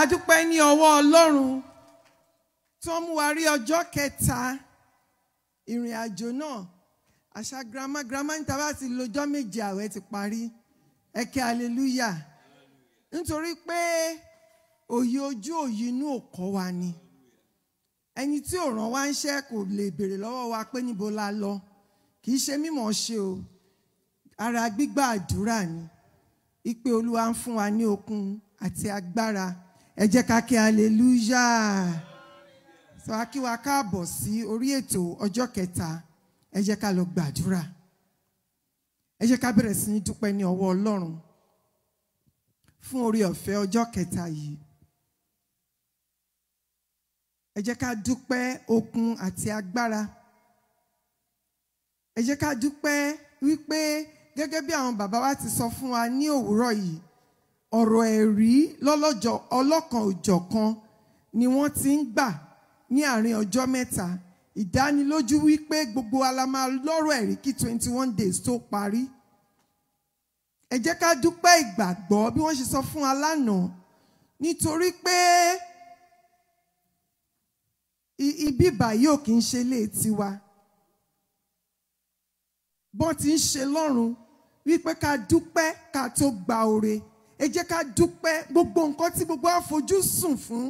adúpẹ́ ní ọwọ́ ọlọ́run tó mú wa rí ọjọ́ kẹta ìrìn àjò náà àṣà girama girama níta bá ti lọ́jọ́ méje àwẹ̀ ti parí ẹ̀kẹ́ aleluya nítorí pé òye ojú òye inú òkọ́ wa ni ẹni tí ò rán wa ń ṣe kò lè béèrè lọ́wọ́ wa pé níbo la lọ kì í ṣe mímọ̀ ṣe o ara gbígbà àdúrà ni ìpè olúwa ń fún wa ní okun àti agbára ẹ jẹ́ ká kí hallelujah sọ a kí wa káàbọ̀ sí orí ètò ọjọ́ kẹta ẹ jẹ́ ká lọ gbàdúrà ẹ jẹ́ ká bẹ̀rẹ̀ sí ní dúpẹ́ ní ọwọ́ Ọlọ́run fún orí ọ̀fẹ́ ọjọ́ kẹta yìí ẹ jẹ́ ká dúpẹ́ okun àti agbára ẹ jẹ́ ká dúpẹ́ wípé gẹ́gẹ́ bí àwọn bàbá wa ti sọ fún wa ní òwúrọ̀ yìí ọ̀rọ̀ ẹ̀rí lọ́lọ́jọ́ ọlọ́kan òjọ̀kan ni wọ́n ti ń gbà ní àárín ọjọ́ mẹ́ta ìdánilójú wípé gbogbo alama lọ́rọ̀ ẹ̀rí kí twenty one days tó parí ẹ jẹ́ ká dúpẹ́ ìgbàgbọ́ bí wọ́n ṣe sọ fún alánà nítorí pé ibi báyìí ò kì í ṣe ilé tiwa bọ́n ti ń ṣe lọ́run wípé ká dúpẹ́ ká tó gba oore ẹ jẹ́ ká dúpẹ́ gbogbo nǹkan tí gbogbo àfojúsùn fún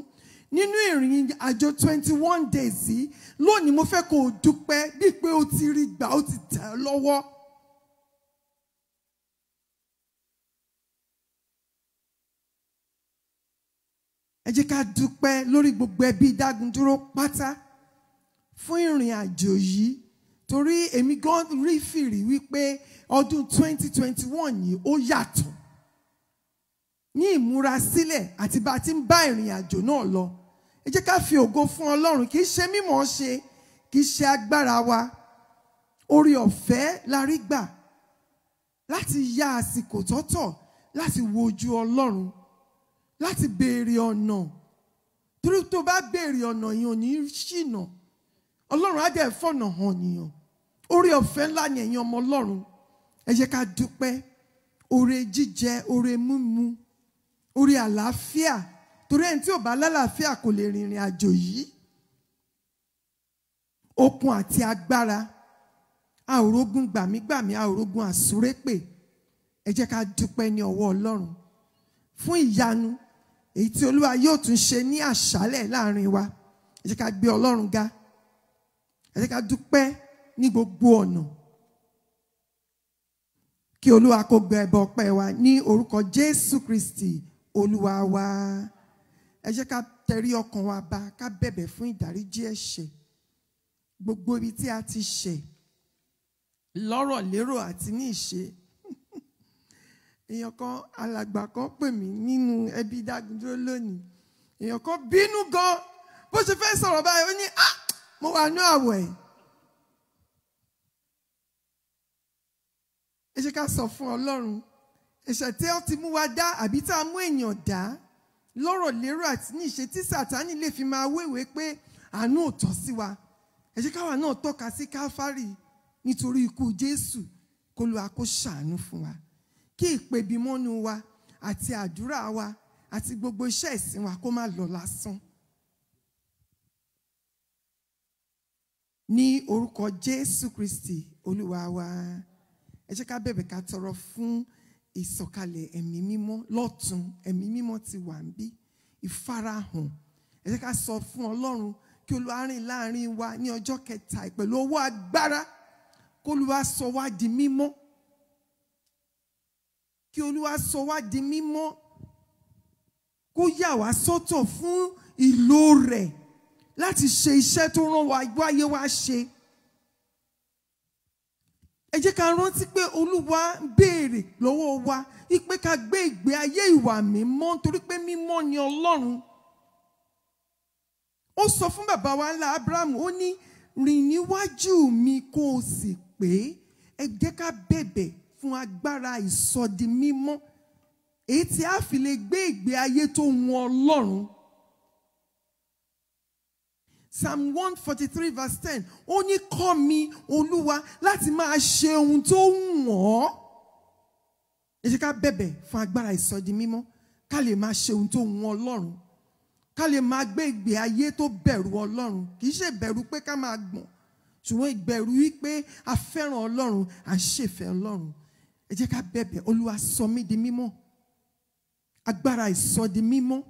nínú ìrìn àjò twenty one days yìí lónìí mo fẹ́ kó o dúpẹ́ bíi pé o ti rí gbà ó ti tẹ̀ ọ́ lọ́wọ́. ẹ jẹ́ ká dúpẹ́ lórí gbogbo ẹbí Dágúndúró pátá fún ìrìn àjò yìí torí èmi gan rí fìrí wípé ọdún twenty twenty one yìí ó yàtọ̀ ní ìmúrasílẹ̀ àti bá a ti ń bá ìrìn àjò náà lọ ẹ jẹ́ ká fi ògo fún ọlọ́run kì í ṣe mímọ̀ ṣe kì í ṣe agbára wa orí ọ̀fẹ́ la rí gbà láti ya àsìkò tọ́tọ̀ láti wojú ọlọ́run láti béèrè ọ̀nà torí tó bá béèrè ọ̀nà yìí ò ní ṣìnà ọlọ́run á dẹ̀ fọ̀nà hàn nìyàn orí ọ̀fẹ́ ńlá ni ẹ̀yin ọmọ ọlọ́run ẹ jẹ́ ká dúpẹ́ oore jíjẹ oore mímu orí àlàáfíà torí ẹni tí ò bá lálàáfíà kò lè rìnrìn àjò yìí okun àti agbára a ò gbàmígbàmí a ò rógun àsúrépè ẹ jẹ́ ká dúpẹ́ ní ọwọ́ Ọlọ́run fún ìyanu èyí tí Olúwa yóò tún ṣe ní àṣálẹ̀ láàrin wa ẹ jẹ́ ká gbé Ọlọ́run ga ẹ jẹ́ ká dúpẹ́ ní gbogbo ọ̀nà kí Olúwa kó gbẹ ẹbọ ọpẹ́ wa ní orúkọ Jésù Kristi olúwa wa ẹ jẹ́ ká tẹrí ọkàn wa ba ká bẹ̀bẹ̀ fún ìdáríjì ẹ̀ṣẹ̀ gbogbo ibi tí a ti ṣẹ̀ lọ́rọ̀ lérò àti ní ìṣe èèyàn kan alàgbà kan pè mí nínú ẹbí dágúndúró lónìí èèyàn kan bínú gan bó ṣe fẹ́ sọ̀rọ̀ báyìí ó ní ah mo wà ní àwọ̀ ẹ̀. ẹ ṣe ká sọ fún ọlọ́run ẹ̀ṣẹ̀ tí ó ti mú wa dá àbí tá a mú èèyàn dá lọ́rọ̀ lérò àti ní ìṣe tí sàtánì lè fi máa wéwèé pé àánú ò tọ́ sí wa ẹ jẹ́ káwa náà tọ́ka sí káfárì nítorí ikú jésù kó lu àkó fún wa kí ìpèbímọ́nu wa àti àdúrà wa àti gbogbo iṣẹ́ ìsìn wa kó má lọ lásán. ní orúkọ jésù kristi olúwa wa ẹ jẹ́ ká bẹ̀bẹ̀ ká tọrọ fún ìsọ̀kalẹ̀ ẹ̀mí mímọ́ lọ́tún ẹ̀mí mímọ́ ti wà ń bí ìfarahàn ẹ jẹ́ ká sọ fún ọlọ́run kí olúwa rìn láàrin wa ní ọjọ́ kẹta pẹ̀lú owó agbára kí olúwa sọ wá di mímọ́ kí olúwa sọ wá di mímọ́ kó yà wá sọ́tọ̀ fún ìlò rẹ̀ láti ṣe iṣẹ́ tó rán wa wáyé wá ṣe ẹ jẹ́ ká rántí pé olúwa ń béèrè lọ́wọ́ wa wípé ká gbé ìgbé ayé ìwà mímọ́ nítorí pé mímọ́ ni ọlọ́run ó sọ fún bàbá wa ńlá abrahamu ó ní rìn níwájú mi kó o sì pé ẹ jẹ́ ká bẹ̀bẹ̀ fún agbára ìsọdi mímọ́ èyí tí a fi lè gbé ìgbé ayé tó wù ọlọ́run. Psalm 143 verse 10 ó ní kọ́ mi olúwa láti máa ṣe ohun tó wùn ọ́. ẹ jẹ́ ká bẹ̀bẹ̀ fún agbára ìsọdi mímọ́ ká lè máa ṣe ohun tó wùn ọlọ́run ká lè máa gbé ìgbé ayé tó bẹ̀rù ọlọ́run kì í ṣe ìbẹ̀rù pé ká máa gbọ̀n ṣùgbọ́n ìbẹ̀rù wípé a fẹ́ràn ọlọ́run à ń ṣèfẹ́ ọlọ́run ẹ jẹ́ ká bẹ̀bẹ̀ olúwa sọ mí di mímọ́ agbára ìsọdi mímọ́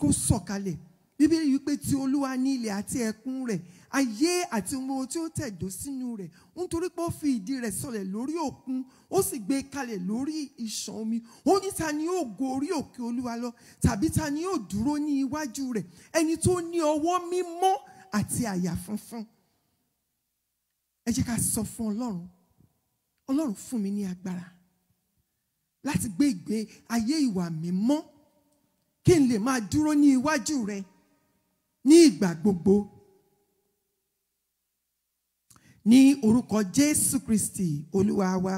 kó sọ̀kalẹ̀ bíbélì yìí pé ti olúwa ní ilẹ̀ àti ẹ̀kún rẹ̀ ayé àti ohun gbogbo tí ó tẹ̀dó sínú rẹ̀ nítorí pé ó fi ìdí rẹ̀ sọlẹ̀ lórí òkun ó sì gbé e kalẹ̀ lórí ìṣàn omi ó ní ta ni yóò go orí òkè olúwa lọ tàbí ta ni yóò dúró ní iwájú rẹ̀ ẹni tó ní ọwọ́ mímọ́ àti àyà funfun ẹ jẹ́ ká sọ fún ọlọ́run ọlọ́run fún mi ní agbára láti gbé ìgbé ayé ìwà mímọ́ kí n lè máa dúró ní iwájú rẹ̀ ní ìgbà gbogbo ní orúkọ Jésù Kristi Olúwa wa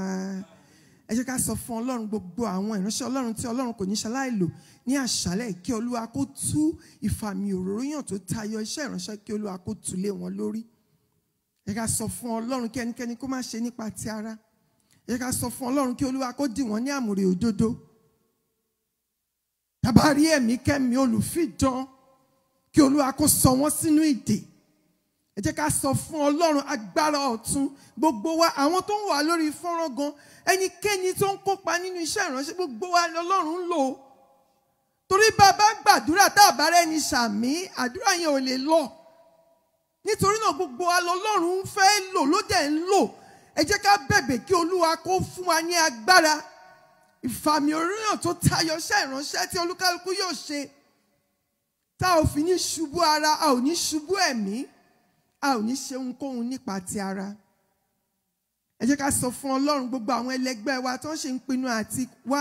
ẹ jẹ́ ká sọ fún Ọlọ́run gbogbo àwọn ìránṣẹ́ Ọlọ́run tí Ọlọ́run kò ní ṣaláì lò ní àṣálẹ́ kí Olúwa kó tú ìfàmì òróró yàn tó tayọ iṣẹ́ ìránṣẹ́ kí Olúwa kó tú lé wọn lórí ẹ ká sọ fún Ọlọ́run kí ẹnikẹ́ni kó má ṣe nípa ti ara ẹ ká sọ fún Ọlọ́run kí Olúwa kó dì wọ́n ní àmùrè òdodo tàbá rí ẹ̀mí kẹ́mi olùfídán kí olúwa kó sọ wọ́n sínú ìdè ẹ jẹ́ ká sọ fún ọlọ́run agbára ọ̀tun gbogbo wa àwọn tó ń wà lórí fọ́nrán gan ẹnikẹ́ni tó ń kópa nínú iṣẹ́ ìránṣẹ́ gbogbo wa lọ́lọ́run ń lò ó torí bàbá gbàdúrà tá a bá rẹ́ni ṣàmì àdúrà yẹn ò lè lọ nítorí náà gbogbo wa lọ́lọ́run ń fẹ́ lò ló dẹ̀ ń lò ẹ jẹ́ ká bẹ̀bẹ̀ kí olúwa kó fún wa ní agbára ìfàmì oríyàn tó tayọ iṣẹ́ ìránṣẹ́ tí olúkálukú yóò ṣe tá ò fi ní ṣubú ara a ò ní ṣubú ẹ̀mí a ò ní ṣe ohunkóhun nípa ti ara ẹ jẹ́ ká sọ fún ọlọ́run gbogbo àwọn ẹlẹgbẹ́ wa tó ń ṣe ń pinnu àti wá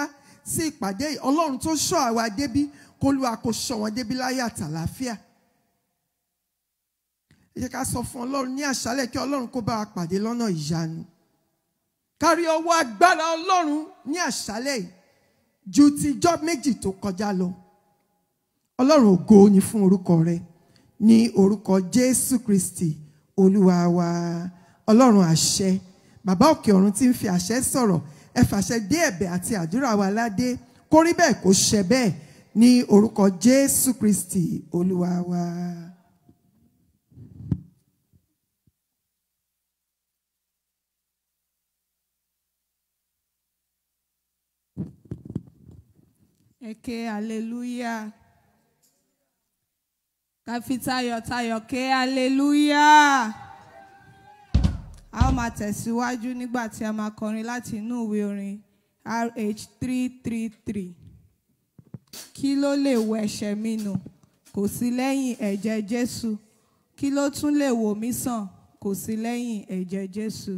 sí ìpàdé ọlọ́run tó ṣọ́ àwa débí kólúwa kò ṣọ́ wọn débí láyé àtàlàáfíà ẹ jẹ́ ká sọ fún ọlọ́run ní àṣálẹ̀ kí ọlọ́run kó bá wa pàdé lọ́nà ìyanu kárí ọwọ́ agbára ọlọ́run ní àṣálẹ̀ yìí ju ti ijọ́ méjì tó kọjá lọ ọlọ́run ògo ni fún orúkọ rẹ ní orúkọ jésù kristi olúwa wa ọlọ́run àṣẹ bàbá òkè ọ̀run tí ń fi àṣẹ sọ̀rọ̀ ẹ fàṣẹ dé ẹ̀bẹ̀ àti àdúrà wa ládé kó rí bẹ́ẹ̀ kó ṣẹ bẹ́ẹ̀ ní orúkọ jésù kristi olúwa wa. Eke, hallelujah ká fi tayọ̀tayọ̀ ké aleluya a ó máa tẹ̀síwájú nígbà tí a máa kọrin láti inú ìwé orin rh three three three kí ló lè wọ ẹ̀ṣẹ̀ mi nù kò sí lẹ́yìn ẹ̀jẹ̀ jésù kí ló tún lè wò mí sàn kò sí lẹ́yìn ẹ̀jẹ̀ jésù.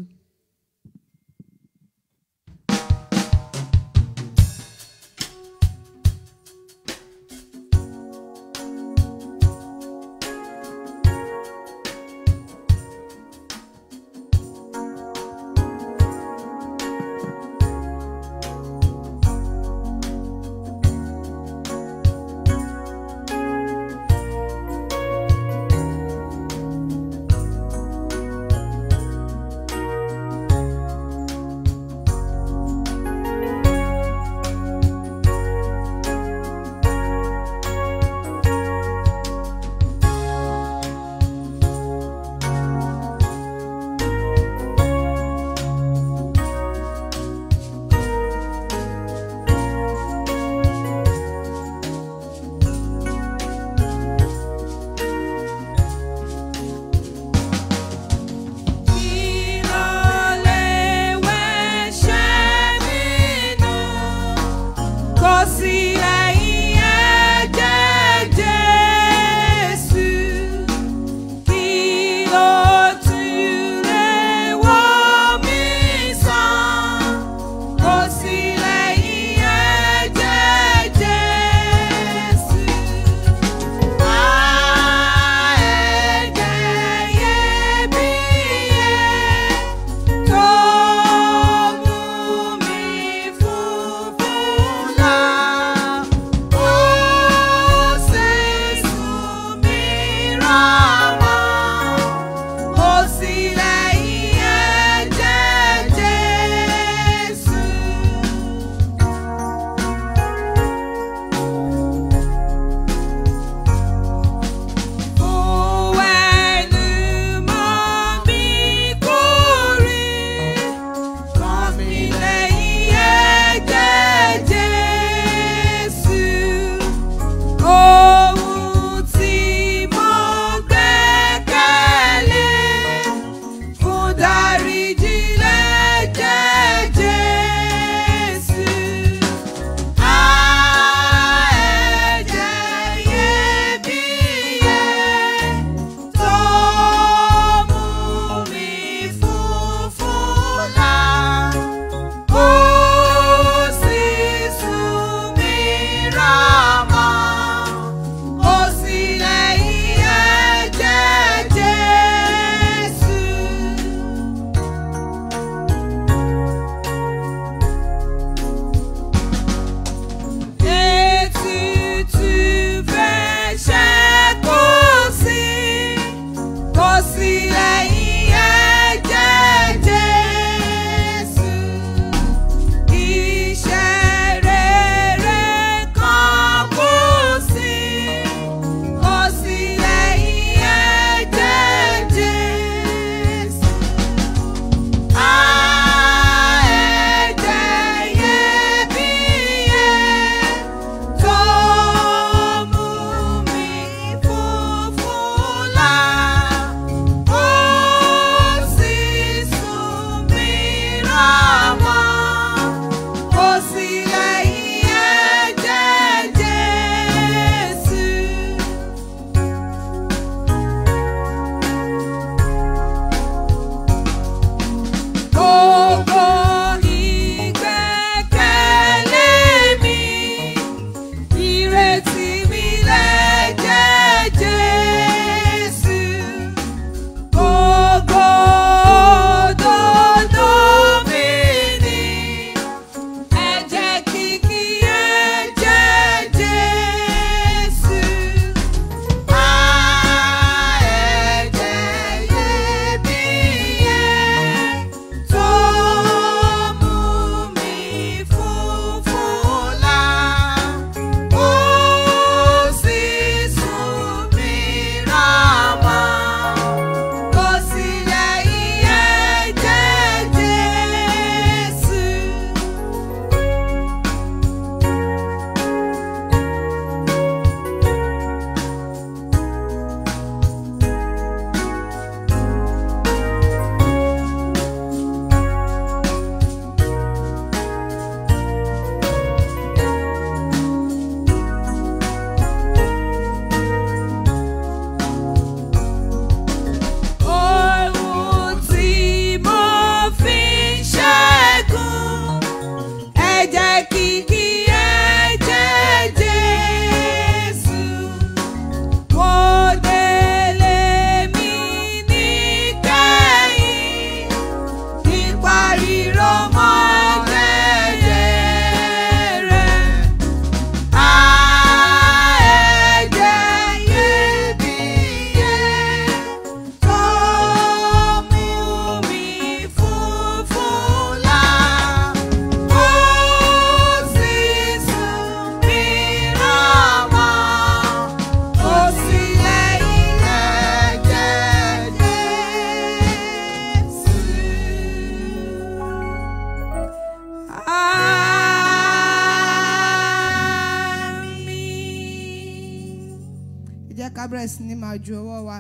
jẹ́ ká bẹ̀rẹ̀ sí ní máa ju ọwọ́ wa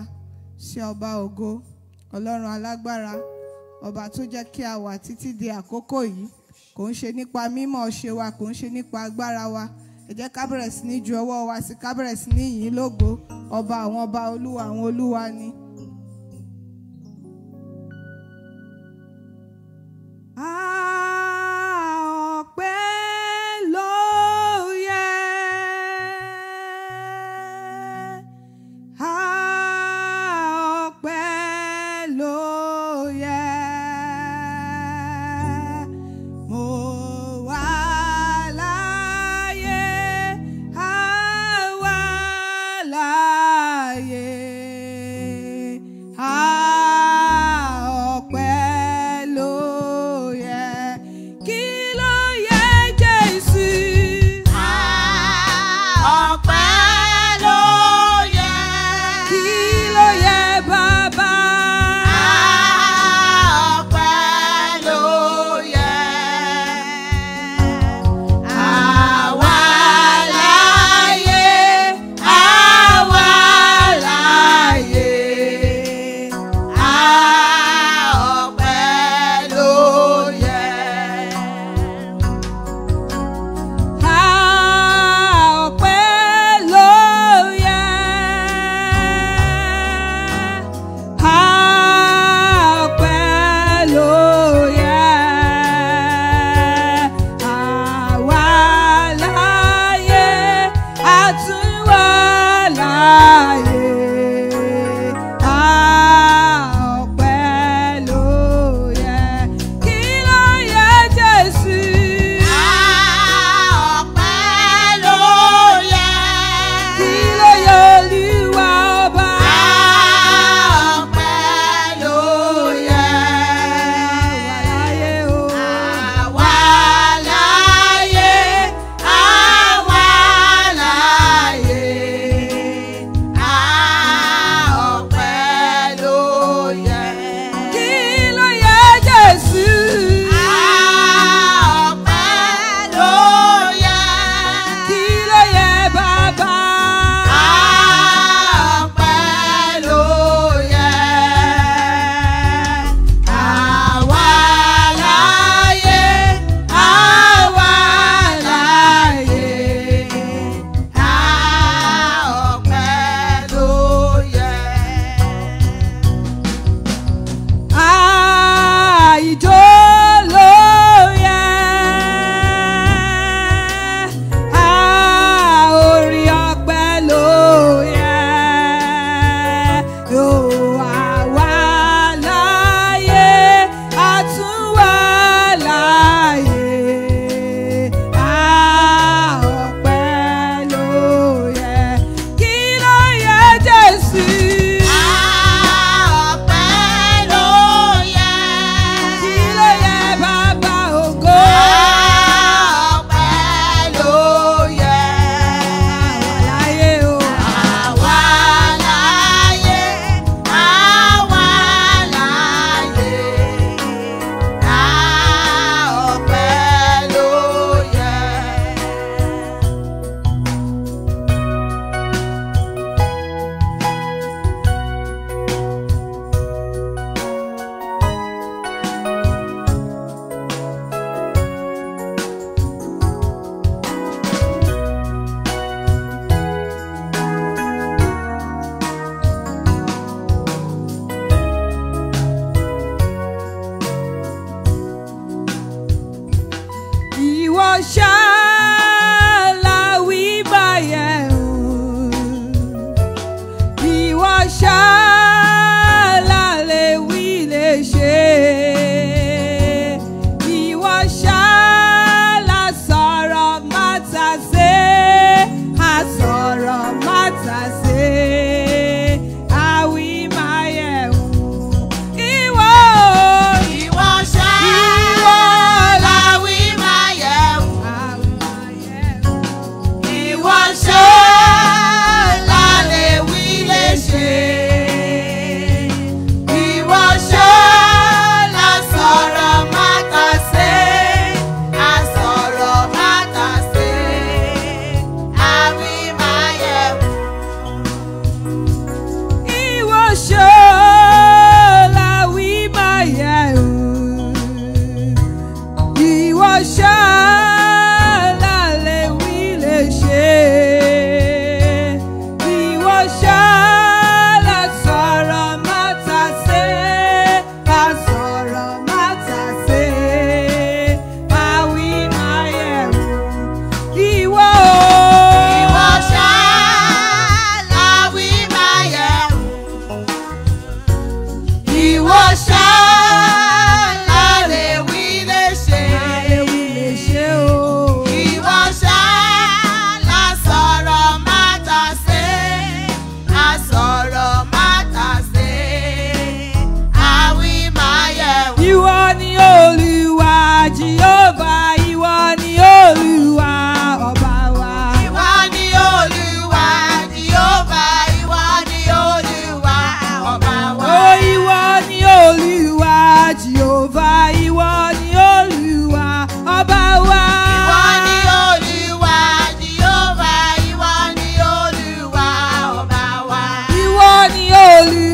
sí ọba ògo ọlọ́run alágbára ọba tó jẹ́ kí a wà títí di àkókò yìí kò ń ṣe nípa mímọ̀ ṣe wa kò ń ṣe nípa agbára wa ẹ jẹ́ ká bẹ̀rẹ̀ sí ní ju ọwọ́ wa sí ká bẹ̀rẹ̀ sí ní yìn lógo ọba àwọn ọba olúwa àwọn olúwa ni.